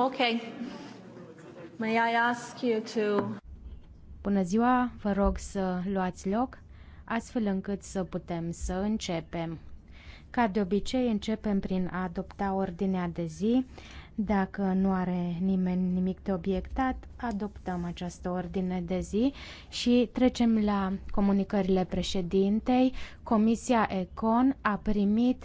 Okay. May I ask you to... Bună ziua, vă rog să luați loc, astfel încât să putem să începem. Ca de obicei, începem prin a adopta ordinea de zi. Dacă nu are nimeni nimic de obiectat, adoptăm această ordine de zi și trecem la comunicările președintei. Comisia Econ a primit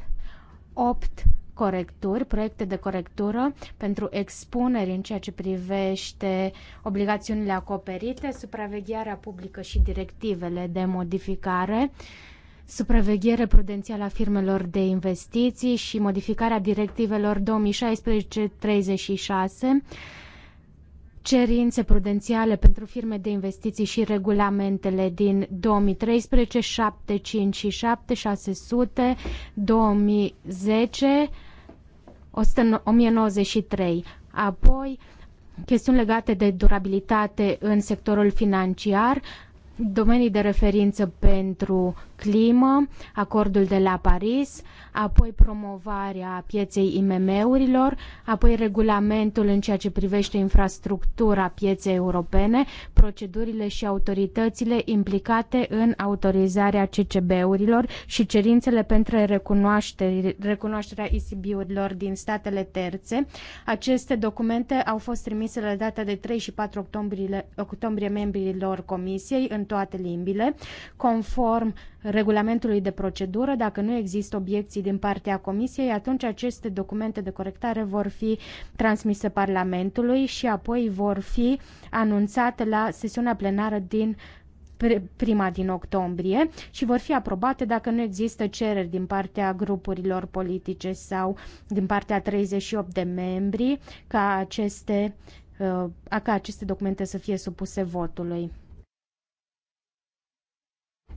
8 corecturi, proiecte de corectură pentru expuneri în ceea ce privește obligațiunile acoperite, supravegherea publică și directivele de modificare, supraveghere prudențială a firmelor de investiții și modificarea directivelor 2016-36, cerințe prudențiale pentru firme de investiții și regulamentele din 2013, 755 și 7600, 2010, 1093. Apoi, chestiuni legate de durabilitate în sectorul financiar, domenii de referință pentru climă, acordul de la Paris, apoi promovarea pieței IMM-urilor, apoi regulamentul în ceea ce privește infrastructura pieței europene, procedurile și autoritățile implicate în autorizarea CCB-urilor și cerințele pentru recunoașterea ICB-urilor din statele terțe. Aceste documente au fost trimise la data de 3 și 4 octombrie, octombrie membrilor Comisiei în în toate limbile, conform regulamentului de procedură. Dacă nu există obiecții din partea Comisiei, atunci aceste documente de corectare vor fi transmise Parlamentului și apoi vor fi anunțate la sesiunea plenară din prima din octombrie și vor fi aprobate dacă nu există cereri din partea grupurilor politice sau din partea 38 de membri ca aceste, uh, ca aceste documente să fie supuse votului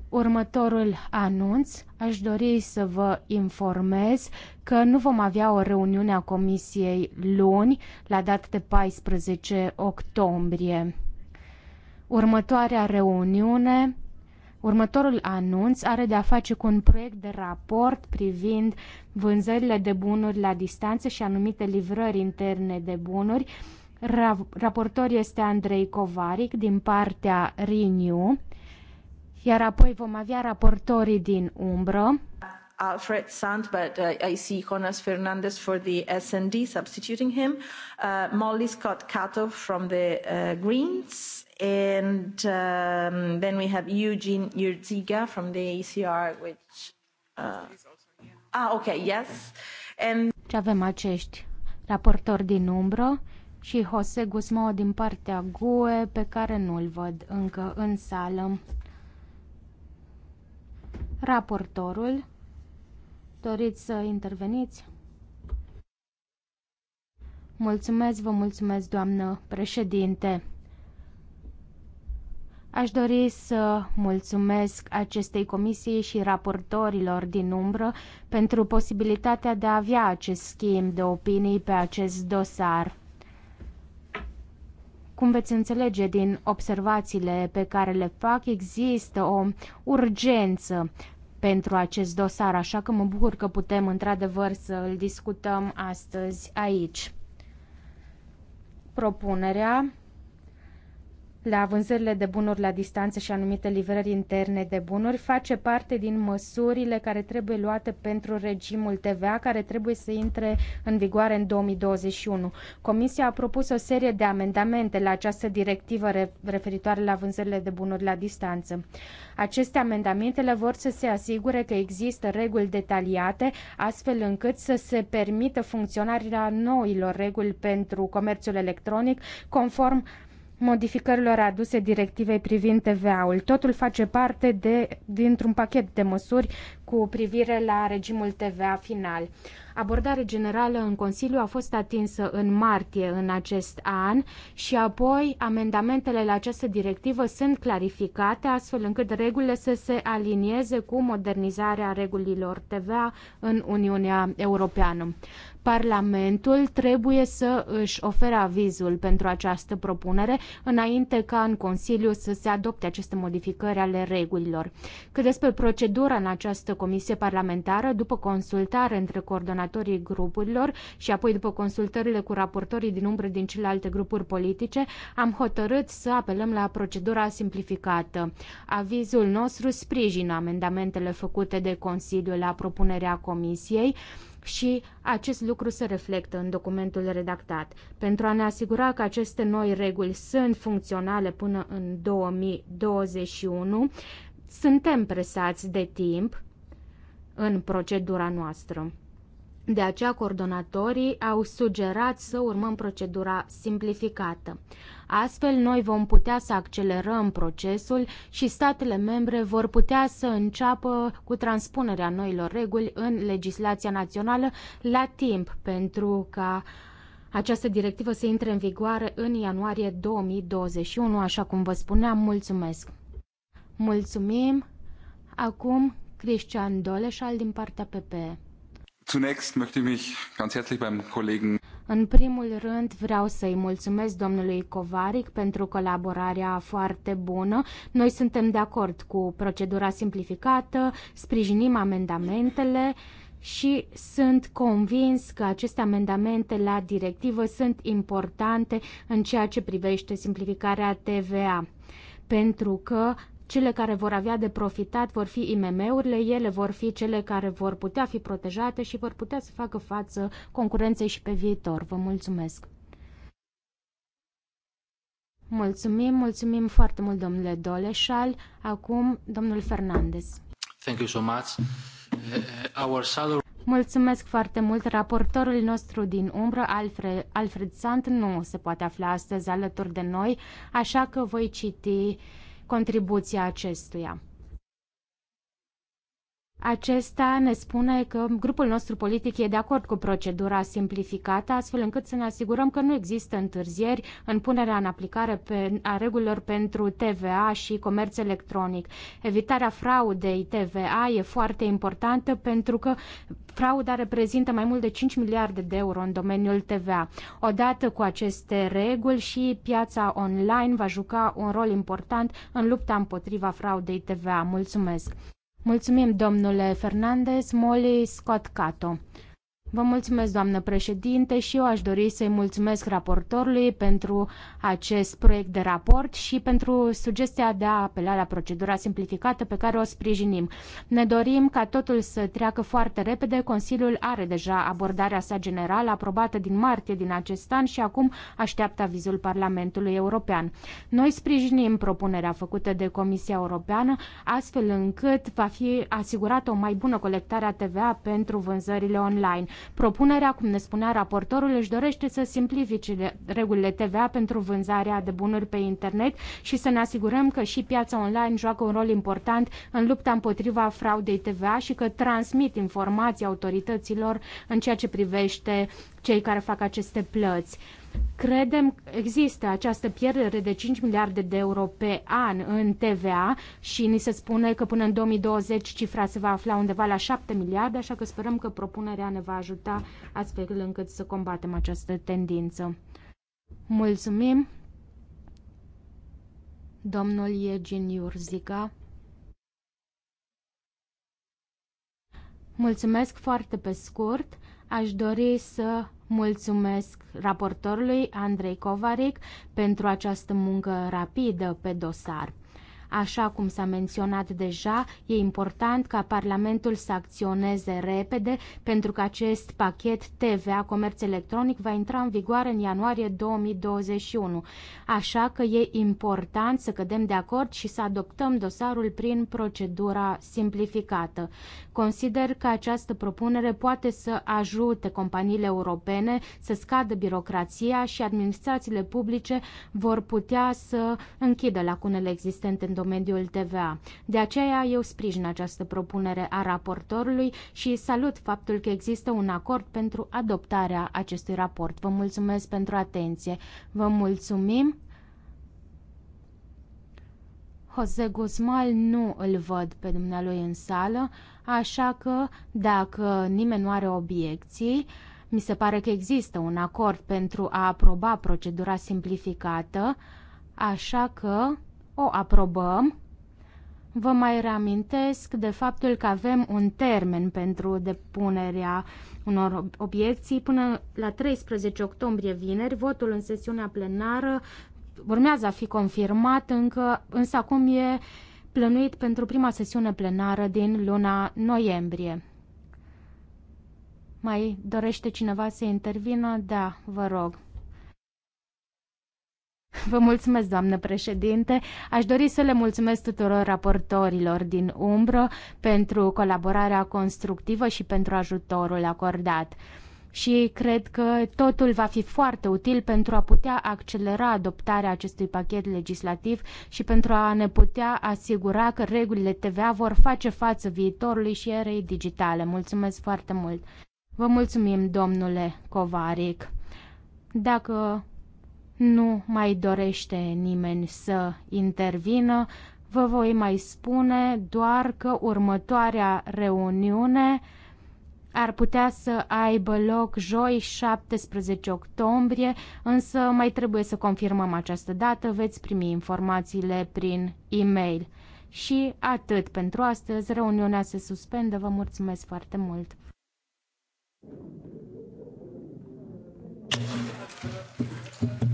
următorul anunț, aș dori să vă informez că nu vom avea o reuniune a Comisiei luni, la data de 14 octombrie. Următoarea reuniune, următorul anunț are de a face cu un proiect de raport privind vânzările de bunuri la distanță și anumite livrări interne de bunuri. Raportor este Andrei Covaric din partea Renew iar apoi vom avea raportorii din umbră. Alfred Sant, but uh, I see Jonas Fernandez for the SND substituting him, uh, Molly Scott Cato from the uh, Greens, and um, then we have Eugene Yurziga from the ECR, which. Uh, ah, okay, yes. And. Ce avem acești raportori din umbră și Jose Guzmao din partea GUE, pe care nu-l văd încă în sală. Raportorul, doriți să interveniți? Mulțumesc, vă mulțumesc, doamnă președinte. Aș dori să mulțumesc acestei comisii și raportorilor din umbră pentru posibilitatea de a avea acest schimb de opinii pe acest dosar. Cum veți înțelege din observațiile pe care le fac, există o urgență pentru acest dosar, așa că mă bucur că putem într-adevăr să îl discutăm astăzi aici. Propunerea la vânzările de bunuri la distanță și anumite livrări interne de bunuri face parte din măsurile care trebuie luate pentru regimul TVA care trebuie să intre în vigoare în 2021. Comisia a propus o serie de amendamente la această directivă referitoare la vânzările de bunuri la distanță. Aceste amendamentele vor să se asigure că există reguli detaliate astfel încât să se permită funcționarea noilor reguli pentru comerțul electronic conform modificărilor aduse directivei privind TVA-ul. Totul face parte de, dintr-un pachet de măsuri cu privire la regimul TVA final. Abordarea generală în Consiliu a fost atinsă în martie în acest an și apoi amendamentele la această directivă sunt clarificate astfel încât regulile să se alinieze cu modernizarea regulilor TVA în Uniunea Europeană. Parlamentul trebuie să își ofere avizul pentru această propunere înainte ca în Consiliu să se adopte aceste modificări ale regulilor. Cât despre procedura în această comisie parlamentară, după consultare între coordonatorii grupurilor și apoi după consultările cu raportorii din umbră din celelalte grupuri politice, am hotărât să apelăm la procedura simplificată. Avizul nostru sprijină amendamentele făcute de Consiliu la propunerea comisiei și acest lucru se reflectă în documentul redactat. Pentru a ne asigura că aceste noi reguli sunt funcționale până în 2021, suntem presați de timp în procedura noastră. De aceea, coordonatorii au sugerat să urmăm procedura simplificată. Astfel, noi vom putea să accelerăm procesul și statele membre vor putea să înceapă cu transpunerea noilor reguli în legislația națională la timp pentru ca această directivă să intre în vigoare în ianuarie 2021, așa cum vă spuneam. Mulțumesc! Mulțumim! Acum Christian Doleșal din partea PPE. Zunächst möchte ich mich ganz herzlich beim Kollegen în primul rând vreau să-i mulțumesc domnului Covaric pentru colaborarea foarte bună. Noi suntem de acord cu procedura simplificată, sprijinim amendamentele și sunt convins că aceste amendamente la directivă sunt importante în ceea ce privește simplificarea TVA pentru că cele care vor avea de profitat vor fi IMM-urile, ele vor fi cele care vor putea fi protejate și vor putea să facă față concurenței și pe viitor. Vă mulțumesc! Mulțumim, mulțumim foarte mult, domnule Doleșal. Acum, domnul Fernandez. Thank you so much. Uh, our salary... Mulțumesc foarte mult. Raportorul nostru din umbră, Alfred, Alfred Sant, nu se poate afla astăzi alături de noi, așa că voi citi uh, contribuția acestuia. Acesta ne spune că grupul nostru politic e de acord cu procedura simplificată, astfel încât să ne asigurăm că nu există întârzieri în punerea în aplicare pe, a regulilor pentru TVA și comerț electronic. Evitarea fraudei TVA e foarte importantă pentru că frauda reprezintă mai mult de 5 miliarde de euro în domeniul TVA. Odată cu aceste reguli și piața online va juca un rol important în lupta împotriva fraudei TVA. Mulțumesc! Mulțumim, domnule Fernandez, Molly Scott Cato. Vă mulțumesc, doamnă președinte, și eu aș dori să-i mulțumesc raportorului pentru acest proiect de raport și pentru sugestia de a apela la procedura simplificată pe care o sprijinim. Ne dorim ca totul să treacă foarte repede. Consiliul are deja abordarea sa generală aprobată din martie din acest an și acum așteaptă avizul Parlamentului European. Noi sprijinim propunerea făcută de Comisia Europeană astfel încât va fi asigurată o mai bună colectare a TVA pentru vânzările online Propunerea, cum ne spunea raportorul, își dorește să simplifice regulile TVA pentru vânzarea de bunuri pe internet și să ne asigurăm că și piața online joacă un rol important în lupta împotriva fraudei TVA și că transmit informații autorităților în ceea ce privește cei care fac aceste plăți. Credem că există această pierdere de 5 miliarde de euro pe an în TVA și ni se spune că până în 2020 cifra se va afla undeva la 7 miliarde, așa că sperăm că propunerea ne va ajuta astfel încât să combatem această tendință. Mulțumim! Domnul Iegin Iurzica Mulțumesc foarte pe scurt! Aș dori să Mulțumesc raportorului Andrei Covaric pentru această muncă rapidă pe dosar. Așa cum s-a menționat deja, e important ca Parlamentul să acționeze repede pentru că acest pachet TVA comerț electronic va intra în vigoare în ianuarie 2021. Așa că e important să cădem de acord și să adoptăm dosarul prin procedura simplificată. Consider că această propunere poate să ajute companiile europene să scadă birocrația și administrațiile publice vor putea să închidă lacunele existente în domeniul TVA. De aceea eu sprijin această propunere a raportorului și salut faptul că există un acord pentru adoptarea acestui raport. Vă mulțumesc pentru atenție. Vă mulțumim. Jose Guzmal nu îl văd pe dumnealui în sală, așa că dacă nimeni nu are obiecții, mi se pare că există un acord pentru a aproba procedura simplificată, așa că o aprobăm. Vă mai reamintesc de faptul că avem un termen pentru depunerea unor obiecții până la 13 octombrie vineri. Votul în sesiunea plenară urmează a fi confirmat încă, însă acum e plănuit pentru prima sesiune plenară din luna noiembrie. Mai dorește cineva să intervină? Da, vă rog. Vă mulțumesc, doamnă președinte. Aș dori să le mulțumesc tuturor raportorilor din umbră pentru colaborarea constructivă și pentru ajutorul acordat și cred că totul va fi foarte util pentru a putea accelera adoptarea acestui pachet legislativ și pentru a ne putea asigura că regulile TVA vor face față viitorului și erei digitale. Mulțumesc foarte mult! Vă mulțumim, domnule Covaric! Dacă nu mai dorește nimeni să intervină, vă voi mai spune doar că următoarea reuniune ar putea să aibă loc joi 17 octombrie, însă mai trebuie să confirmăm această dată, veți primi informațiile prin e-mail. Și atât pentru astăzi, reuniunea se suspendă, vă mulțumesc foarte mult! Thank you.